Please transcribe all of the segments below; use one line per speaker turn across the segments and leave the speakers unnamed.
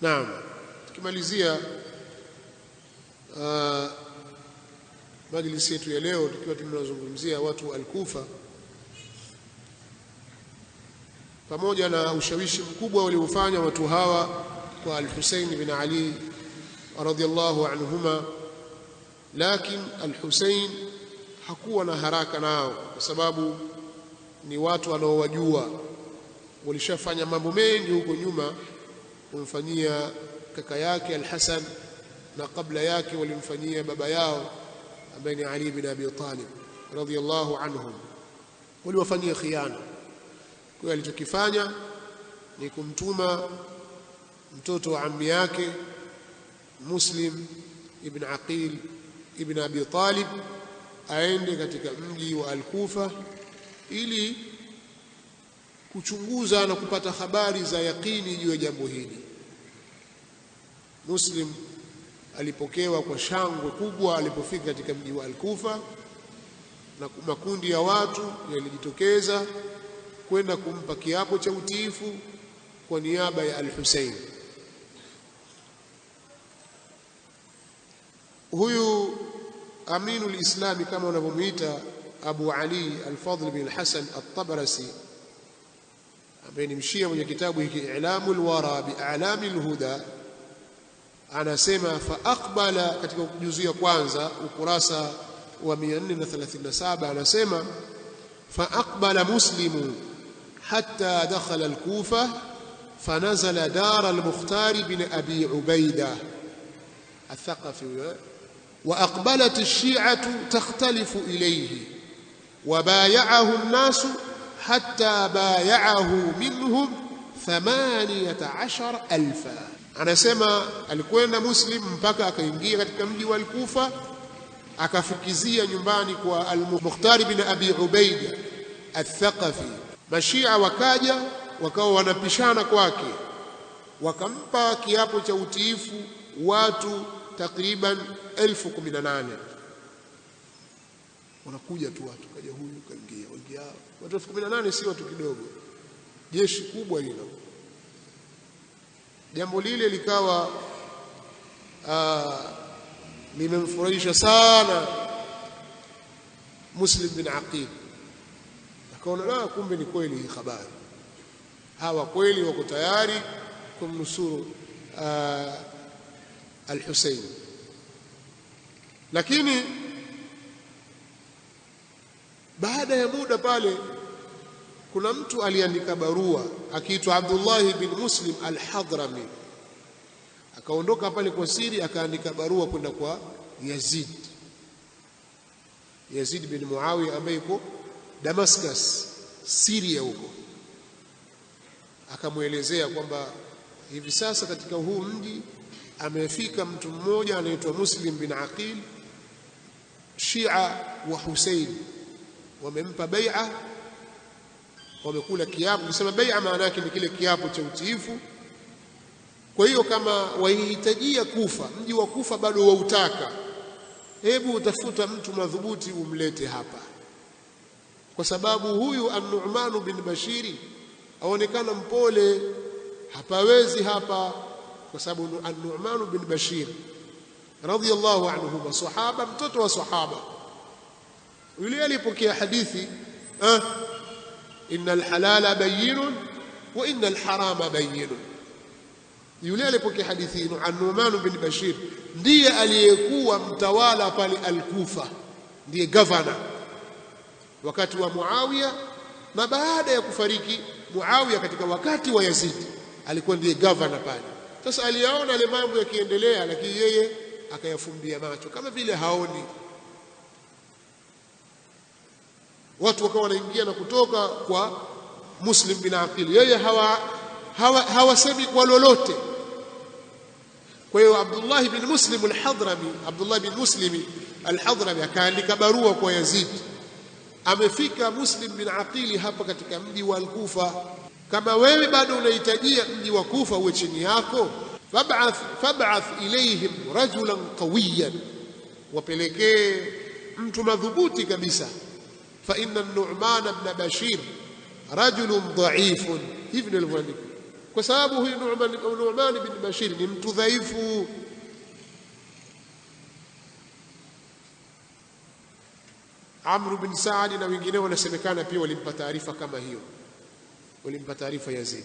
Naam, tukimalizia uh, majlisi yetu ya leo tukiwa tunazungumzia watu wa Al-Kufa pamoja na ushawishi mkubwa waliofanya watu hawa kwa al hussein bin Ali radhiyallahu anhuma, lakini al hussein hakuwa na haraka nao, kwa sababu ni watu wanaowajua walishafanya mambo mengi huko nyuma kumfanyia kaka yake Al-Hasan na kabla yake walimfanyia baba yao ambaye ni Ali bin Abi Talib radhiyallahu anhum waliwafanyia khiana kwa alichokifanya ni kumtuma mtoto wa ammi yake Muslim ibn Aqil ibn Abi Talib aende katika mji wa Al-Kufa ili kuchunguza na kupata habari za yaqini juu ya jambo hili. Muslim alipokewa kwa shangwe kubwa alipofika katika mji wa Al-Kufa, na makundi ya watu yalijitokeza kwenda kumpa kiapo cha utiifu kwa niaba ya Al-Hussein. Huyu Aminul Islami kama unavyomwita Abu Ali Al-Fadl bin Hasan At-Tabarasi amenimshia mwenye kitabu hiki i'lamul wara bi'alamil huda anasema faaqbala katika juzu ya kwanza ukurasa wa 437 anasema faaqbala muslimu hatta dakhala al-kufa فنزل دار المختار بن أبي عبيدة الثقفي وأقبلت الشيعة تختلف إليه وبايعه الناس حتى بايعه منهم thamaniyat ashara alfa anasema alikwenda muslim mpaka akaingia katika mji wa alkufa akafikizia nyumbani kwa almukhtar bin abi ubaida athaqafi mashia wakaja wakawa wanapishana kwake wakampa kiapo cha utiifu watu takriban 1018 wanakuja tu watu kaja huyu kaingia wengine Watu elfu kumi na nane si watu kidogo, jeshi kubwa hilo. Jambo lile likawa ah, limemfurahisha sana Muslim bin Aqil, akaona la, ah, kumbe ni kweli hii habari, hawa kweli wako tayari kumnusuru ah, al-Hussein. Lakini baada ya muda pale kuna mtu aliandika barua akiitwa Abdullahi bin Muslim al-Hadrami, akaondoka pale kwa siri, akaandika barua kwenda kwa Yazid, Yazid bin Muawiya ambaye yuko Damascus, Syria huko, akamwelezea kwamba hivi sasa katika huu mji amefika mtu mmoja anaitwa Muslim bin Aqil, Shia wa Husein wamempa bai'a wamekula kiapo. Kusema bai'a maana yake ni kile kiapo cha utiifu. Kwa hiyo kama waihitajia Kufa, mji wa Kufa bado wautaka, hebu utafuta mtu madhubuti umlete hapa, kwa sababu huyu an numanu bin Bashiri aonekana mpole, hapawezi hapa, kwa sababu an numanu bin Bashir radhiyallahu anhu, sahaba, mtoto wa sahaba yule alipokea hadithi eh, innal alhalala bayinun wa innal harama bayyinun. Yule alipokea hadithi hino Anuman bin Bashir ndiye aliyekuwa mtawala pale alkufa ndiye gavana wakati wa Muawiya na baada ya kufariki Muawiya katika wakati wa Yazid alikuwa ndiye gavana pale. Sasa aliyaona yale mambo yakiendelea, lakini yeye akayafumbia macho kama vile haoni. watu wakawa wanaingia na kutoka kwa Muslim bin akili yeye hawa hawasemi hawa kwa lolote. Kwa hiyo Abdullah bin Muslim al-Hadrami, Abdullah bin Muslim al-Hadrami akaandika barua kwa Yazid, amefika Muslim bin Aqili hapa katika mji wa Al-Kufa, kama wewe bado unahitajia mji wa Kufa uwe chini yako, fab'ath fab'ath ilayhim rajulan qawiyan, wapelekee mtu madhubuti kabisa فإن النعمان بن بشير رجل ضعيف hivyo nilivyoandika kwa sababu huyu Nu'man Nu'man bin Bashir ni mtu dhaifu Amr bin Saad na wengineo wanasemekana pia walimpa taarifa kama hiyo walimpa taarifa Yazid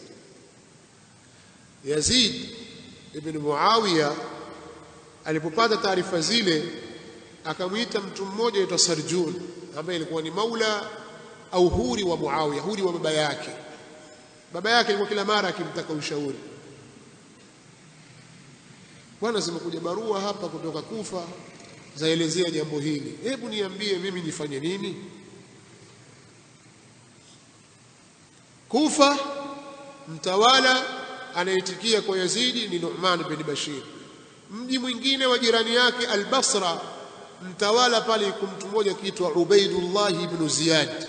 Yazid ibn Muawiya alipopata taarifa zile akamwita mtu mmoja aitwa Sarjun ambaye alikuwa ni maula au huri wa Muawiya, huri wa baba yake. Baba yake alikuwa kila mara akimtaka ushauri. Bwana, zimekuja barua hapa kutoka Kufa zaelezea jambo hili, hebu niambie mimi nifanye nini? Kufa, mtawala anayetikia kwa Yazidi ni Nu'man bin Bashir. Mji mwingine wa jirani yake Al-Basra mtawala pale yuko mtu mmoja akiitwa Ubaidullah ibn Ziyad.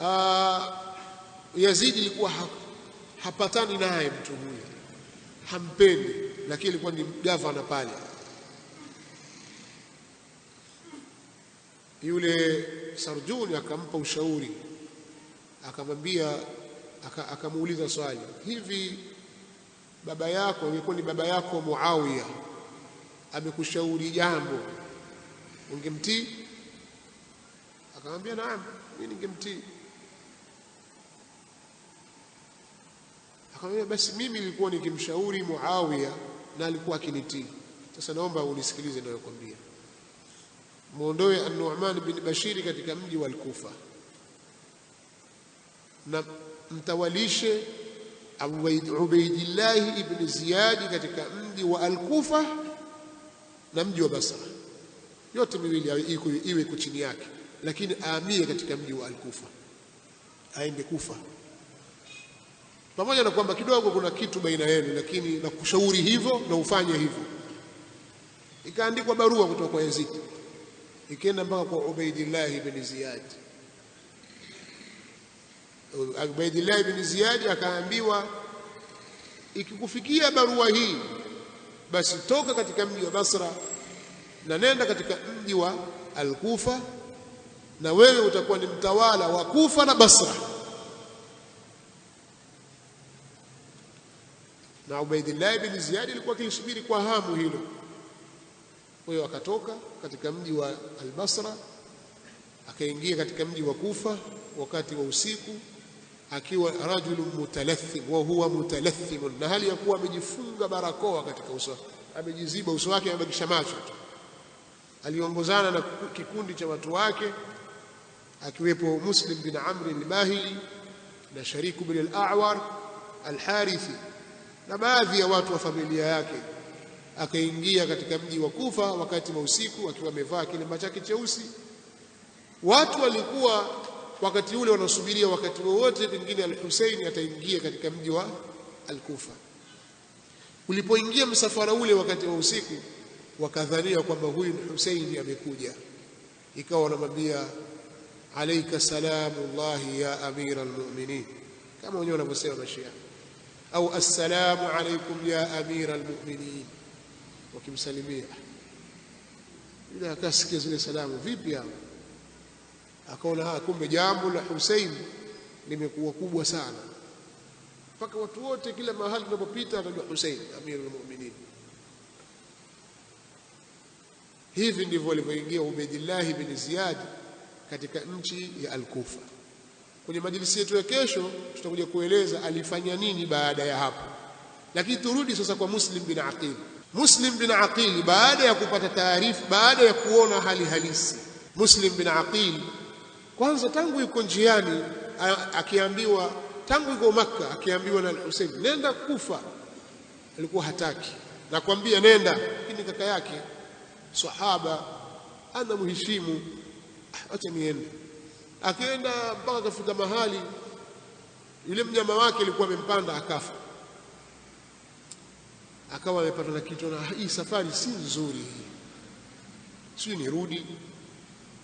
Aa, ah, Yazid ilikuwa hapatani naye mtu huyu, hampendi, lakini ilikuwa ni gavana pale. Yule Sarjuni akampa ushauri, akamwambia, akamuuliza swali, hivi baba yako angekuwa ni baba yako Muawiya amekushauri jambo ungemtii? Akamwambia naam, mimi ningemtii. Akamwambia basi, mimi nilikuwa nikimshauri Muawiya na alikuwa akinitii. Sasa naomba unisikilize ninayokwambia. Muondoe An-Nu'man bin Bashiri katika mji wa Al-Kufa na mtawalishe Ubaidillahi ibn Ziyadi katika mji wa Al-Kufa na mji wa Basra, yote miwili iwe iko chini yake, lakini aamie katika mji wa Al-Kufa, aende Kufa, pamoja na kwamba kidogo kuna kitu baina yenu, lakini nakushauri hivyo na ufanye hivyo. Ikaandikwa barua kutoka kwa Yazid ikienda mpaka kwa Ubaidillah ibn Ziyad. Ubaidillah ibn Ziyad akaambiwa, ikikufikia barua hii basi toka katika mji wa Basra na nenda katika mji wa Al-Kufa, na wewe utakuwa ni mtawala wa Kufa na Basra. Na Ubaidillah ibn Ziyad alikuwa akilisubiri kwa hamu hilo. Kwa hiyo akatoka katika mji wa Al-Basra akaingia katika mji wa Kufa wakati wa usiku akiwa rajulu mutalathim, wa huwa mutalathimun, na hali ya kuwa amejifunga barakoa katika uso, amejiziba uso wake, amebakisha macho tu. Aliongozana na kikundi cha watu wake akiwepo Muslim bin Amr al-Bahili na Shariku bin al-A'war al-Harithi na baadhi ya watu wa familia yake. Akaingia katika mji wa Kufa wakati wa usiku akiwa amevaa kilemba chake cheusi. Watu walikuwa wakati ule wanasubiria wakati wowote pengine al-Husaini ataingia katika mji wa al-Kufa. Ulipoingia msafara ule wakati wa usiku, wakadhania kwamba huyu Husaini amekuja, ikawa wanamwambia alaika salamullahi ya amira almu'minin, kama wenyewe wanavyosema Mashia, au assalamu alaikum ya amira almu'minin, wakimsalimia yule akasikia zile salamu, vipi hapo akaona kumbe jambo la Hussein limekuwa kubwa sana mpaka watu wote kila mahali tunapopita atajua Hussein Amirul Mu'minin. Hivi ndivyo alivyoingia Ubaidillah bin Ziyad katika nchi ya Al-Kufa. Kwenye majlisi yetu ya kesho tutakuja kueleza alifanya nini baada ya hapo, lakini turudi sasa kwa Muslim bin Aqil. Muslim bin Aqil baada ya kupata taarifa, baada ya kuona hali halisi, Muslim bin Aqil kwanza tangu yuko njiani akiambiwa, tangu yuko Makka akiambiwa na Hussein nenda Kufa, alikuwa hataki, nakwambia nenda, lakini kaka yake sahaba ana muheshimu acha niende. akienda mpaka akafika mahali yule mnyama wake alikuwa amempanda akafa, akawa amepata na kitu, na hii safari si nzuri, sio nirudi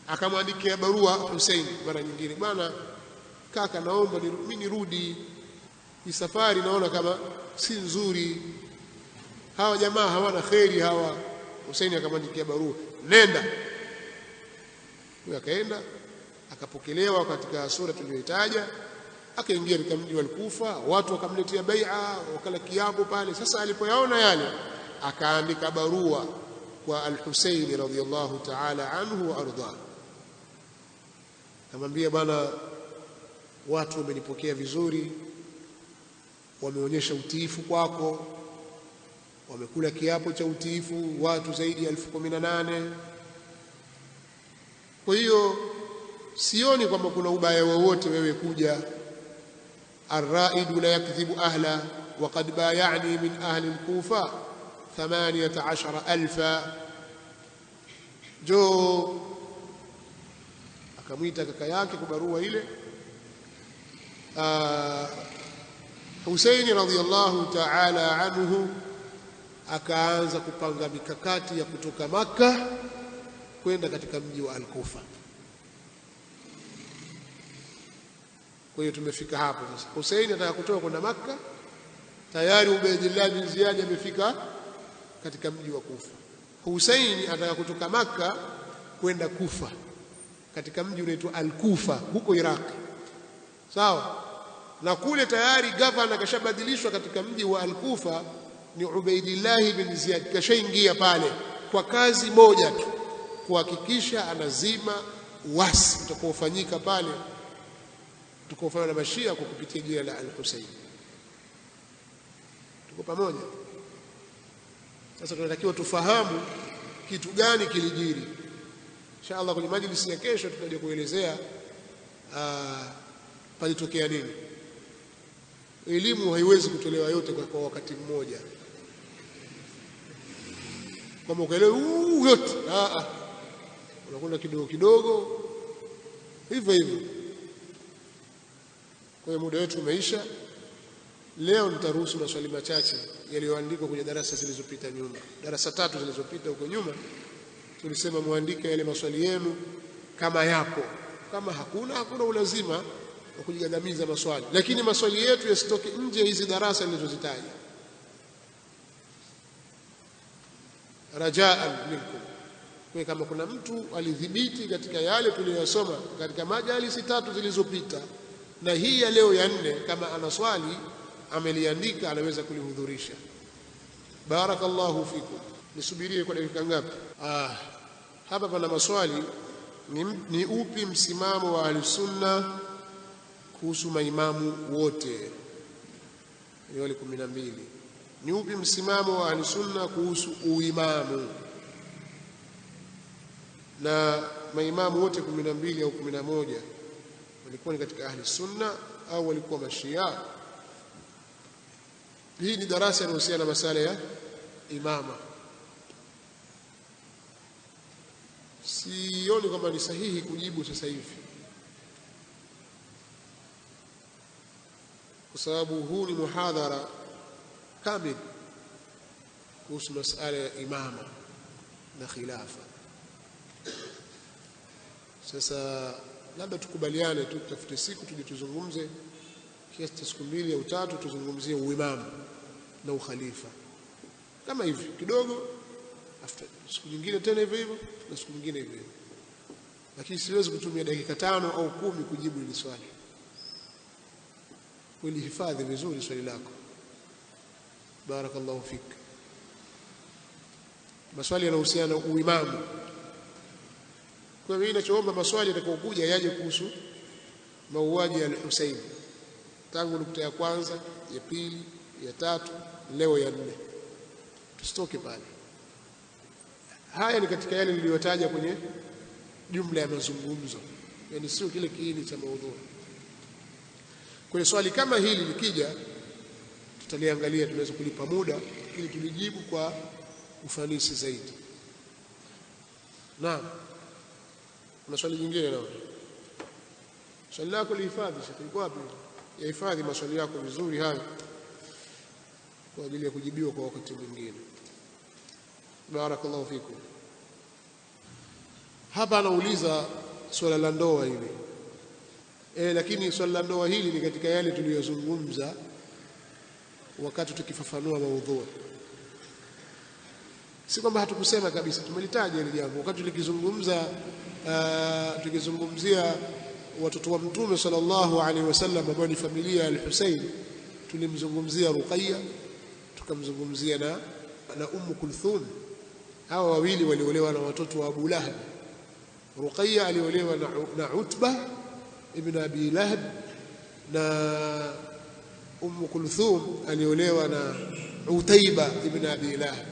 akamwandikia barua Hussein mara nyingine, bwana kaka, naomba mimi nirudi, hii safari naona kama si nzuri, hawa jamaa hawana kheri hawa. Hussein akamwandikia barua, nenda. Huyo akaenda akapokelewa katika sura tuliyoitaja, akaingia katika mji wa Kufa, watu wakamletea bai'a, wakala kiapo pale. Sasa alipoyaona yale, akaandika barua kwa Al-Husaini radhiyallahu ta'ala anhu wa ardhahu namwambia bana, watu wamenipokea vizuri, wameonyesha utiifu kwako, wamekula kiapo cha utiifu watu zaidi ya elfu kumi na nane. Kwa hiyo sioni kwamba kuna ubaya wowote wewe kuja. Arraidu la yakdhibu ahla waqad bayani min ahli lkufa 18000 alfa, njoo akamwita kaka yake kwa barua ile ah, huseini radhiallahu ta'ala anhu akaanza kupanga mikakati ya kutoka Makka kwenda katika mji wa Al-Kufa. Kwa hiyo tumefika hapo sasa. huseini anataka kutoka kwenda Makka, tayari Ubaidillah bin Ziyad amefika katika mji wa Kufa. huseini anataka kutoka Makka kwenda Kufa katika mji unaitwa Al-Kufa huko Iraq, sawa na kule tayari gavana kashabadilishwa katika mji wa Al-Kufa ni Ubaidillah bin Ziyad, kashaingia pale kwa kazi moja tu, kuhakikisha anazima uasi utakaofanyika pale tukofanya na Mashia kwa kupitia jina la al hussein Tuko pamoja? Sasa tunatakiwa tufahamu kitu gani kilijiri inshallah kwenye majlisi ya kesho tutaje kuelezea ah, palitokea nini. Elimu haiwezi kutolewa yote kwa, kwa wakati mmoja kwamba ukaelewa yote, ah, ah. unakwenda kidogo kidogo hivyo hivyo. Kwa hiyo muda wetu umeisha. Leo nitaruhusu maswali machache yaliyoandikwa kwenye darasa zilizopita nyuma, darasa tatu zilizopita huko nyuma tulisema muandike yale maswali yenu kama yapo kama hakuna hakuna ulazima wa kujigandamiza maswali lakini maswali yetu yasitoke nje hizi darasa nilizozitaja rajaan minkum kwa kama kuna mtu alidhibiti katika yale tuliyosoma katika majalisi tatu zilizopita na hii ya leo ya nne kama ana swali ameliandika anaweza kulihudhurisha barakallahu fikum nisubirie kwa dakika ngapi? Ah, hapa pana maswali ni, ni upi msimamo wa Ahlusunna kuhusu maimamu wote ni wale kumi na mbili? Ni upi msimamo wa Ahlusunna kuhusu uimamu na maimamu wote kumi na mbili au kumi na moja walikuwa ni katika ahli sunna au walikuwa mashia? Hii ni darasa inayohusiana na masala ya imama. sioni kwamba ni sahihi kujibu sasa hivi, kwa sababu huu ni muhadhara kamili kuhusu masala ya imama na khilafa. Sasa labda tukubaliane tu, tutafute siku tuje tuzungumze kiasi cha siku mbili au tatu, tuzungumzie uimamu na ukhalifa kama hivi kidogo after siku nyingine tena hivyo hivyo na siku nyingine hivyo hivyo lakini siwezi kutumia dakika tano au kumi kujibu ile swali ulihifadhi vizuri swali lako barakallahu fik maswali yanahusiana na uimamu kwa hiyo ninachoomba maswali yatakayokuja yaje kuhusu mauaji ya Hussein tangu nukta ya kwanza ya pili ya tatu leo ya nne tusitoke pale Haya ni katika yale niliyotaja kwenye jumla ya mazungumzo, yani sio kile kiini cha maudhui. Kwenye swali kama hili likija, tutaliangalia, tunaweza kulipa muda ili tulijibu kwa ufanisi zaidi. Naam, kuna swali jingine nao? Swali lako lihifadhi, liko wapi? Yahifadhi maswali yako vizuri hayo kwa ajili ya kujibiwa kwa wakati mwingine barakallahu fikum. Hapa anauliza swala la ndoa hili e, lakini swala la ndoa hili ni katika yale tuliyozungumza wakati tukifafanua maudhui. Si kwamba hatukusema kabisa, tumelitaja hili jambo wakati tulikizungumza, uh, eh, tukizungumzia watoto wa Mtume sallallahu alaihi wasallam ambao ni familia ya Al-Husayn, tulimzungumzia Ruqayya, tukamzungumzia na, na Ummu Kulthum hawa wawili waliolewa na watoto wa Abu Lahab. Ruqayya aliolewa na, na Utba ibn Abi Lahab na Umm Kulthum aliolewa na Utaiba ibn Abi Lahab.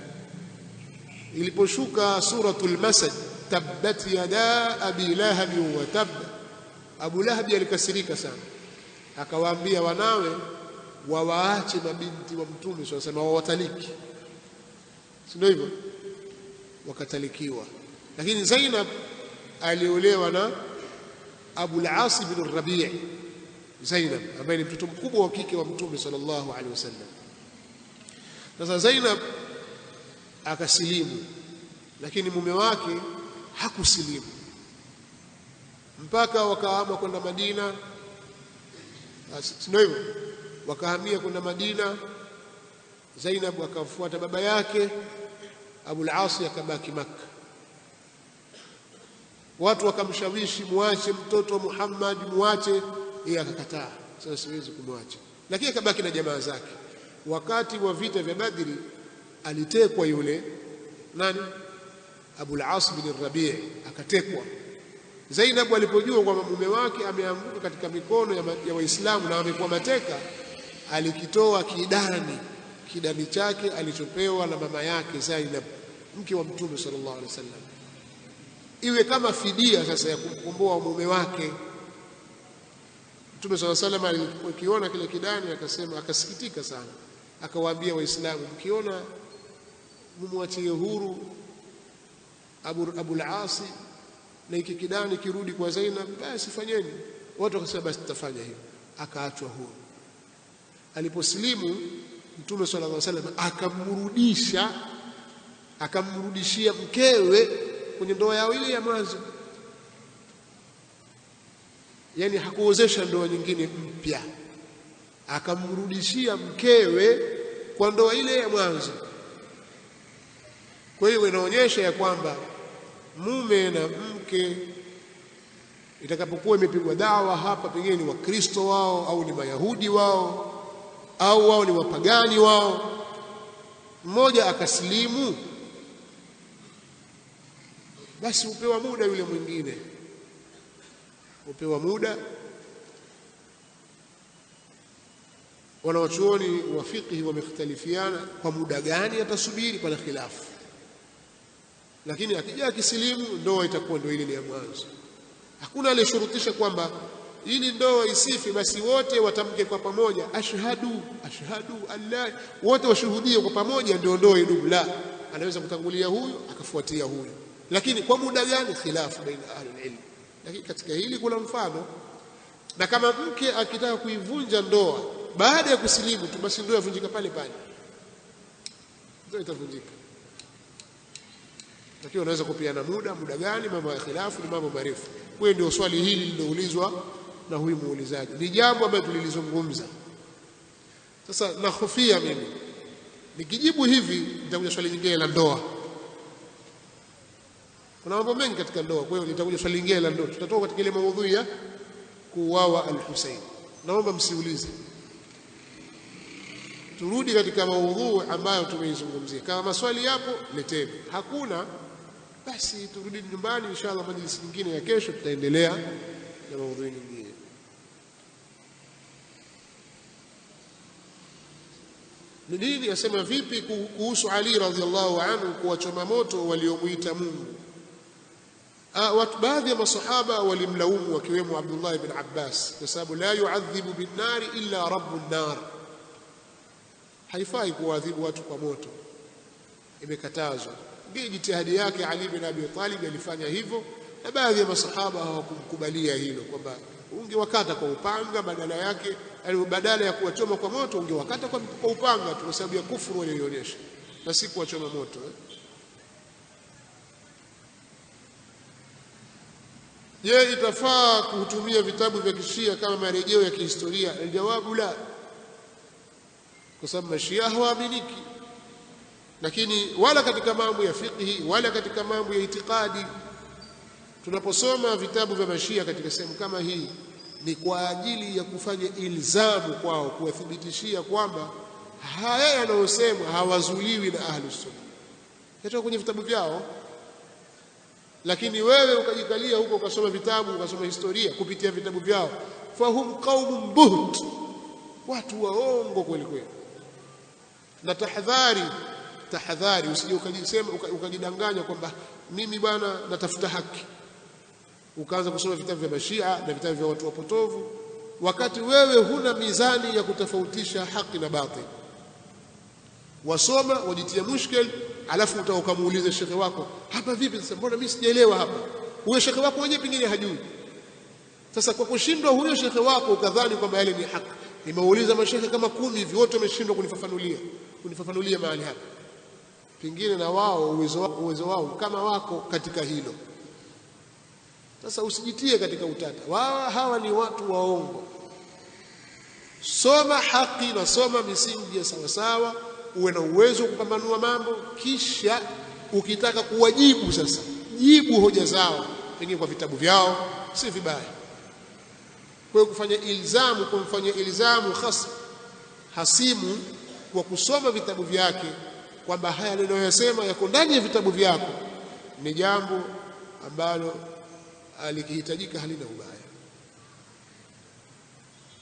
Iliposhuka suratul Masad, tabbat yada abi Lahab wa tab, Abu Lahab alikasirika sana, akawaambia wanawe wawaache mabinti wa Mtume swalla Allahu wawataliki, si hivyo? wakatalikiwa lakini Zainab aliolewa na Abul As bin Rabi' Zainab ambaye ni mtoto mkubwa wa kike wa Mtume sallallahu alaihi wasallam. Sasa Zainab akasilimu, lakini mume wake hakusilimu mpaka wakaama kwenda Madina, sio hivyo? Wakahamia kwenda Madina, Zainab akamfuata baba yake abulasi akabaki Makka. Watu wakamshawishi muache mtoto wa Muhammad, muache, yeye akakataa. Sasa siwezi kumwacha, lakini akabaki na jamaa zake. Wakati wa vita vya Badri alitekwa yule nani, Abul bin Rabi, akatekwa. Zainabu alipojua kwamba mume wake ameanguka katika mikono ya Waislamu na amekuwa mateka, alikitoa kidani kidani chake alichopewa na mama yake Zainab mke wa Mtume sallallahu alaihi wasallam, iwe kama fidia sasa ya kumkomboa mume wake. Mtume sallallahu alaihi wasallam alikiona kile kidani, akasema, akasikitika sana, akawaambia Waislamu, mkiona mumwachie huru Abu Asi na iki kidani kirudi kwa Zainab, basi fanyeni. Watu wakasema basi tutafanya hivyo, akaachwa huru. Aliposilimu mtume sallallahu alaihi wasallam akamrudisha akamrudishia mkewe kwenye ndoa yao ile ya mwanzo yani hakuozesha ndoa nyingine mpya akamrudishia mkewe kwa ndoa ile ya mwanzo kwa hiyo inaonyesha ya kwamba mume na mke itakapokuwa imepigwa dawa hapa pengine ni wakristo wao au ni mayahudi wao au wao ni wapagani wao. Mmoja akasilimu, basi hupewa muda yule mwingine, hupewa muda. Wanawachuoni wa fiqh wamekhtalifiana kwa muda gani atasubiri, pana khilafu, lakini akija akisilimu, ndoa itakuwa ndio ile ya mwanzo. Hakuna aliyeshurutisha kwamba ili ndoa isifi, basi wote watamke kwa pamoja, ashhadu ashhadu allah, wote washuhudie kwa pamoja, ndio ndoa idumu. La, anaweza kutangulia huyu akafuatia huyu, lakini kwa muda gani? Khilafu baina ahli ilm. Lakini katika hili kuna mfano, na kama mke akitaka kuivunja ndoa baada ya kusilimu tu, basi ndoa yavunjika pale pale, ndoa itavunjika. Lakini unaweza kupiana muda, muda gani? Mambo ya khilafu ni mambo marefu. Wewe ndio swali hili liloulizwa na huyu muulizaji, ni jambo ambalo tulilizungumza. Sasa nahofia mimi nikijibu hivi nitakuja swali lingine la ndoa. Kuna mambo mengi katika ndoa, kwa hiyo nitakuja swali lingine la ndoa. Tutatoka katika ile maudhui ya kuuawa al hussein Naomba msiulize, turudi katika maudhui ambayo tumeizungumzia. Kama maswali yapo leteni, hakuna basi turudi nyumbani. Inshallah, majlisi nyingine ya kesho tutaendelea na maudhui nyingine. nini yasema vipi kuhusu Ali radhiallahu anhu kuwachoma moto waliomuita Mungu? Ah, baadhi ya masahaba walimlaumu wakiwemo Abdullah ibn Abbas kwa sababu la yuadhibu binnari illa rabbu nnar, haifai kuwaadhibu watu kwa moto, imekatazwa. Ndio jitihadi yake Ali bin Abi Talib alifanya hivyo, na baadhi ya masahaba hawakumkubalia hilo, kwamba ungewakata kwa upanga badala yake Yaani badala ya kuwachoma kwa moto ungewakata kwa, kwa upanga tu kwa sababu ya kufuru walioionyesha na si kuwachoma moto eh. Je, itafaa kutumia vitabu vya kishia kama marejeo ya kihistoria? Aljawabu la, kwa sababu mashia hawaaminiki, lakini wala katika mambo ya fiqhi wala katika mambo ya itikadi. Tunaposoma vitabu vya mashia katika sehemu kama hii ni kwa ajili ya kufanya ilzamu kwao, kuwathibitishia kwamba haya yanayosemwa hawazuliwi na ahlusunna sunna, yatoka kwenye vitabu vyao. Lakini wewe ukajikalia huko ukasoma vitabu ukasoma historia kupitia vitabu vyao, fahum qaumun buht, watu waongo kweli kweli. Na tahadhari, tahadhari, usije ukajisema ukajidanganya kwamba mimi bwana natafuta haki ukaanza kusoma vitabu vya mashia na vitabu vya watu wapotovu, wakati wewe huna mizani ya kutofautisha haki na batil Wasoma wajitia mushkel, alafu utakamuuliza shekhe wako, hapa vipi sasa, mbona mimi sijaelewa hapa? Huyo shekhe wako mwenyewe pengine hajui. Sasa kwa kushindwa huyo shekhe wako ukadhani kwamba yale ni haki. Nimeuliza mashekhe kama kumi hivi, wote wameshindwa kunifafanulia kunifafanulia mahali hapa, pengine na wao uwezo wao, uwezo wao kama wako katika hilo. Sasa usijitie katika utata. Wawa hawa ni watu waongo. Soma haki na soma misingi ya sawasawa, uwe na uwezo wa kupambanua mambo, kisha ukitaka kuwajibu sasa, jibu hoja zao, pengine kwa vitabu vyao, si vibaya. Kwa hiyo kufanya ilzamu, kumfanyia ilzamu hasa hasimu kwa kusoma vitabu vyake, kwamba haya ninayoyasema yako ndani ya vitabu vyako, ni jambo ambalo alikihitajika halina ubaya,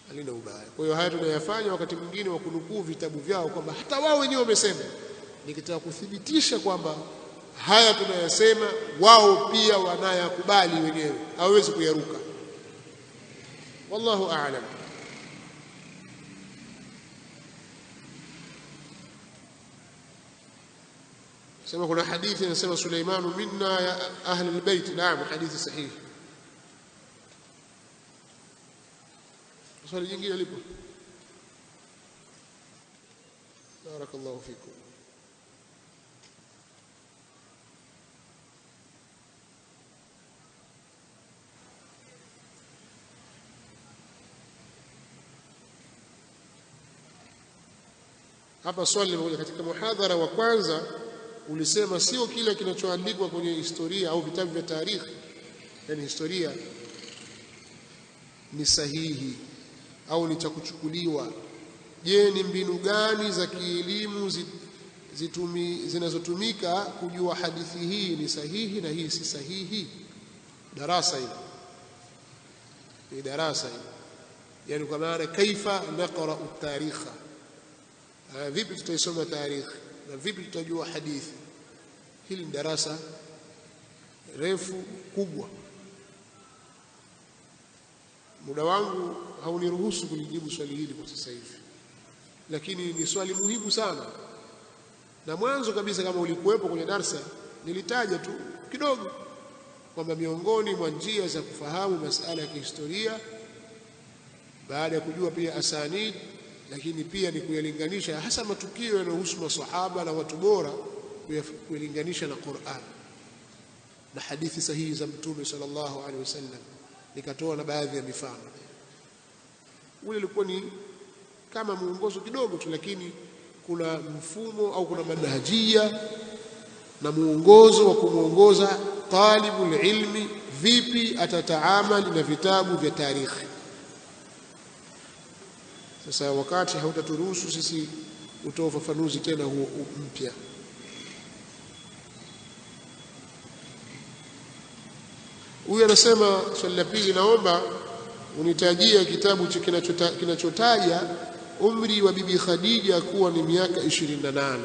halina ubaya. Kwa hiyo haya tunayafanya wakati mwingine wa kunukuu vitabu vyao kwamba hata wao wenyewe wamesema. Nikitaka kuthibitisha kwamba haya tunayasema wao pia wanayakubali wenyewe, hawawezi kuyaruka. Wallahu aalam. سمع كنا حديث سمع سليمان منا يا أهل البيت نعم حديث صحيح صار يجي لي بارك الله فيكم Hapa swali limekuja katika muhadhara wa kwanza ulisema sio kile kinachoandikwa kwenye historia au vitabu vya taarikhi, yani historia ni sahihi au ni cha kuchukuliwa. Je, ni mbinu gani za kielimu zinazotumika kujua hadithi hii ni sahihi na hii si sahihi? Darasa hili ni darasa hili, yani kwa maana kaifa naqra'u tarikha, ah, vipi tutaisoma tarikhi na vipi tutajua hadithi? Hili ni darasa refu kubwa, muda wangu hauniruhusu kulijibu swali hili kwa sasa hivi, lakini ni swali muhimu sana. Na mwanzo kabisa, kama ulikuwepo kwenye darsa, nilitaja tu kidogo kwamba miongoni mwa njia za kufahamu masala ya kihistoria baada ya kujua pia asanid lakini pia ni kuyalinganisha hasa matukio yanayohusu masahaba na watu bora, kuyalinganisha na Qur'an na hadithi sahihi za Mtume sallallahu alaihi wasallam. Nikatoa na baadhi ya mifano. Ule ulikuwa ni kama mwongozo kidogo tu, lakini kuna mfumo au kuna manhajia na mwongozo wa kumwongoza talibul ilmi vipi atataamali na vitabu vya tarikhi sasa wakati hautaturuhusu sisi utoe ufafanuzi tena huo mpya. Huyu anasema swali la pili, naomba unitajia kitabu kinachotaja umri wa Bibi Khadija kuwa ni miaka 28.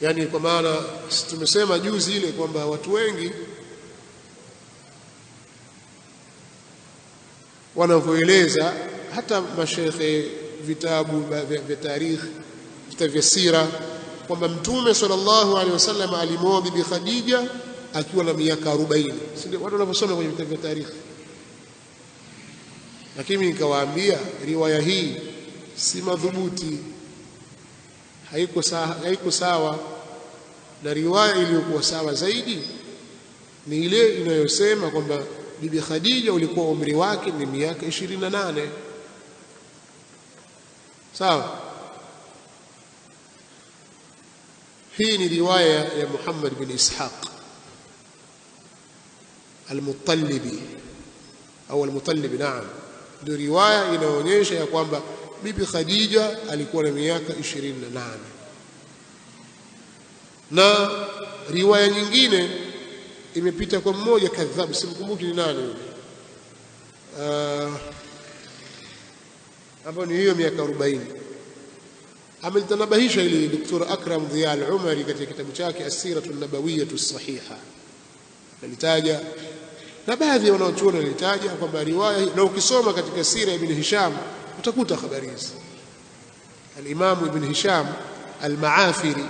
Yaani, kwa maana tumesema juzi ile kwamba watu wengi wanavyoeleza hata mashekhe vitabu vya tarikhi vitabu vya sira kwamba mtume sallallahu alaihi wasallam alimwoa bibi Khadija akiwa na miaka 40 sio watu wanaposoma kwenye vitabu vya tarikh lakini nikawaambia riwaya hii si madhubuti haiko sawa, haiko sawa na riwaya iliyokuwa sawa zaidi ni ile inayosema kwamba bibi Khadija ulikuwa umri wake ni miaka 28 sawa hii ni riwaya ya Muhammad bin Ishaq al-Muttalibi au al-Muttalibi naam ndio riwaya inaonyesha ya kwamba bibi Khadija alikuwa na miaka 28 na riwaya nyingine imepita kwa mmoja kadhabu simkumbuki ni nani yule uh, ambayo ni hiyo miaka 40 amelitanabahisha ile Dr. Akram Dhiya al-Umari katika kitabu chake asiratu nabawiyatu sahiha alitaja na baadhi wanaochuona alitaja walitaja kwamba riwaya na ukisoma katika sira ibn Hisham utakuta habari hizi al-Imam ibn Hisham al-Maafiri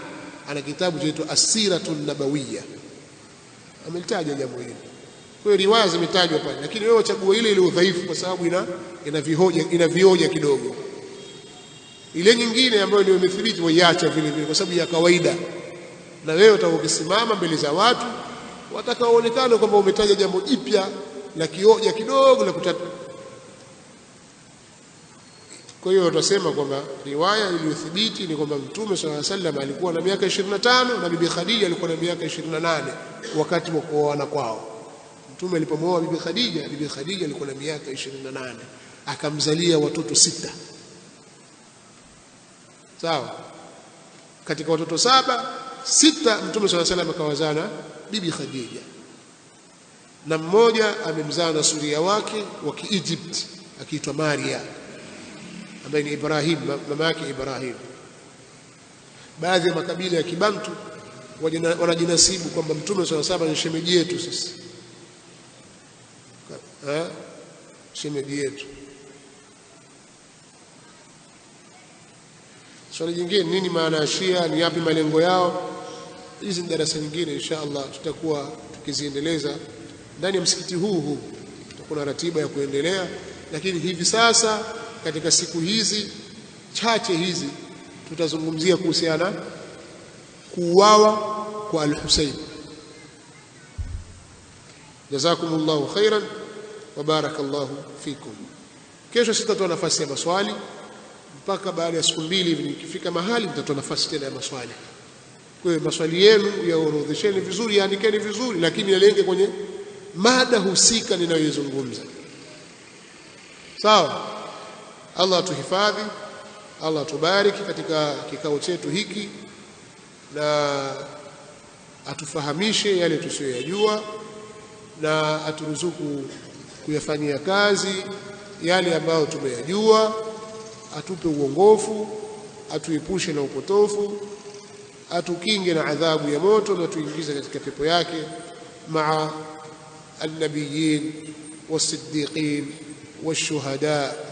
ana kitabu kinaitwa As-Siratu an jambo hili Kwa hiyo riwaya zimetajwa pale, lakini wewe wachagua ile ile udhaifu, kwa sababu ina ina vihoja ina vioja kidogo. Ile nyingine ambayo ndio imethibiti waiacha vile vile, kwa sababu ya kawaida, na wewe utakokisimama mbele za watu watakaoonekana kwamba umetaja jambo jipya la kioja kidogo la kutata. Kwa hiyo utasema kwamba riwaya iliyothibiti ni kwamba Mtume swalla sallam alikuwa na miaka 25 na Bibi Khadija alikuwa na miaka 28 wakati wa kuoana kwao. Mtume alipomwoa Bibi Khadija, Bibi Khadija alikuwa na miaka 28 akamzalia watoto sita, sawa. Katika watoto saba, sita Mtume sala salam akawazaa na Bibi Khadija, na mmoja amemzaa na suria wake wa Kiegypt akiitwa Maria ambaye ni Ibrahim, mama yake Ibrahim. Baadhi ya makabila ya Kibantu wanajinasibu kwamba Mtume sala salam ni shemeji yetu sisi eh, shemeji yetu. Swali jingine, nini maana ya Shia? Ni yapi malengo yao? Hizi ni darasa nyingine, insha Allah tutakuwa tukiziendeleza ndani ya msikiti huu huu, tutakuwa na ratiba ya kuendelea, lakini hivi sasa katika siku hizi chache hizi tutazungumzia kuhusiana kuuawa kwa Al-Husayn. Jazakumullahu khairan wa barakallahu fikum kesho sitatoa nafasi ya maswali mpaka baada ya siku mbili hivi nikifika mahali mtatoa nafasi tena ya maswali kwa hiyo maswali yenu yaorodhesheni vizuri yaandikeni vizuri lakini yalenge kwenye mada husika ninayoizungumza sawa Allah atuhifadhi Allah atubariki katika kikao chetu hiki na atufahamishe yale tusiyoyajua na aturuzuku kuyafanyia kazi yale ambayo tumeyajua, atupe uongofu, atuepushe na upotofu, atukinge na adhabu ya moto na tuingize katika pepo yake maa النبيين wasiddiqin والشهداء